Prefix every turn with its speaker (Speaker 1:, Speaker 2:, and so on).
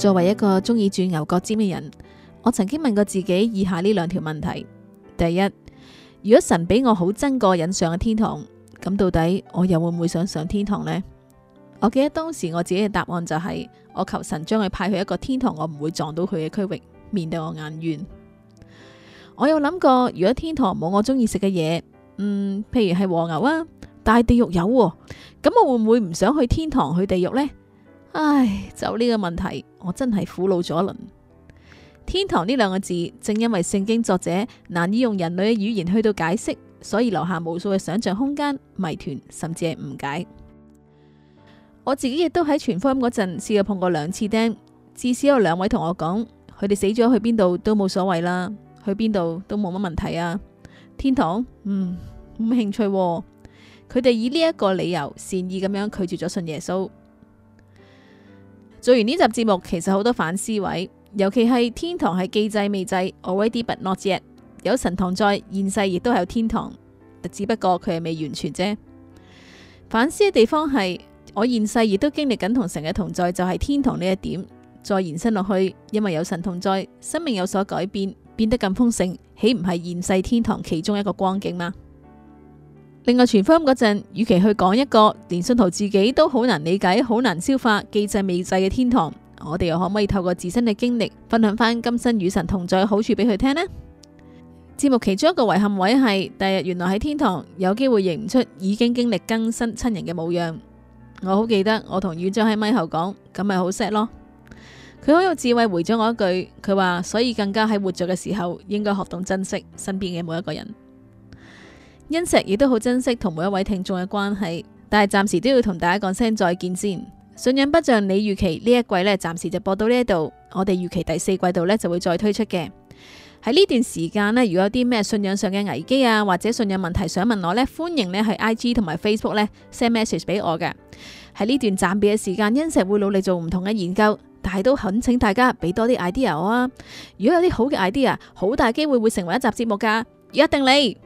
Speaker 1: 作為一個中意鑽牛角尖嘅人，我曾經問過自己以下呢兩條問題：第一，如果神俾我好憎嗰個人上嘅天堂，咁到底我又會唔會想上天堂呢？我記得當時我自己嘅答案就係、是，我求神將佢派去一個天堂，我唔會撞到佢嘅區域，面對我眼冤。我有諗過，如果天堂冇我中意食嘅嘢，嗯，譬如係和牛啊，但係地獄有，咁我會唔會唔想去天堂去地獄呢？唉，就呢個問題，我真係苦惱咗一輪。天堂呢兩個字，正因為聖經作者難以用人類嘅語言去到解釋，所以留下無數嘅想象空間、謎團，甚至係誤解。我自己亦都喺傳福音嗰陣，試過碰過兩次釘。至少有兩位同我講，佢哋死咗去邊度都冇所謂啦，去邊度都冇乜問題啊。天堂，嗯，冇興趣。佢哋以呢一個理由，善意咁樣拒絕咗信耶穌。做完呢集節目，其實好多反思位，尤其係天堂係既制未制，already but not yet。有神同在，現世亦都係有天堂，只不過佢係未完全啫。反思嘅地方係我現世亦都經歷緊同神嘅同在，就係天堂呢一點。再延伸落去，因為有神同在，生命有所改變，變得咁豐盛，豈唔係現世天堂其中一個光景嗎？另外傳福音嗰陣，與其去講一個連信徒自己都好難理解、好難消化、既制未制嘅天堂，我哋又可唔可以透過自身嘅經歷分享翻今生與神同在嘅好處俾佢聽呢？節目其中一個遺憾位係第二日，原來喺天堂有機會認唔出已經經歷更新親人嘅模樣。我好記得我同院長喺咪後講，咁咪好 sad 咯。佢好有智慧回咗我一句，佢話所以更加喺活着嘅時候應該學懂珍惜身邊嘅每一個人。恩石亦都好珍惜同每一位聽眾嘅關係，但係暫時都要同大家講聲再見先。信仰不像你預期呢一季咧，暫時就播到呢一度。我哋預期第四季度咧就會再推出嘅。喺呢段時間咧，如果有啲咩信仰上嘅危機啊，或者信仰問題想問我咧，歡迎咧喺 IG 同埋 Facebook 咧 send message 俾我嘅。喺呢段暫別嘅時間，恩石會努力做唔同嘅研究，但係都懇請大家俾多啲 idea 我啊！如果有啲好嘅 idea，好大機會會成為一集節目噶，一定嚟。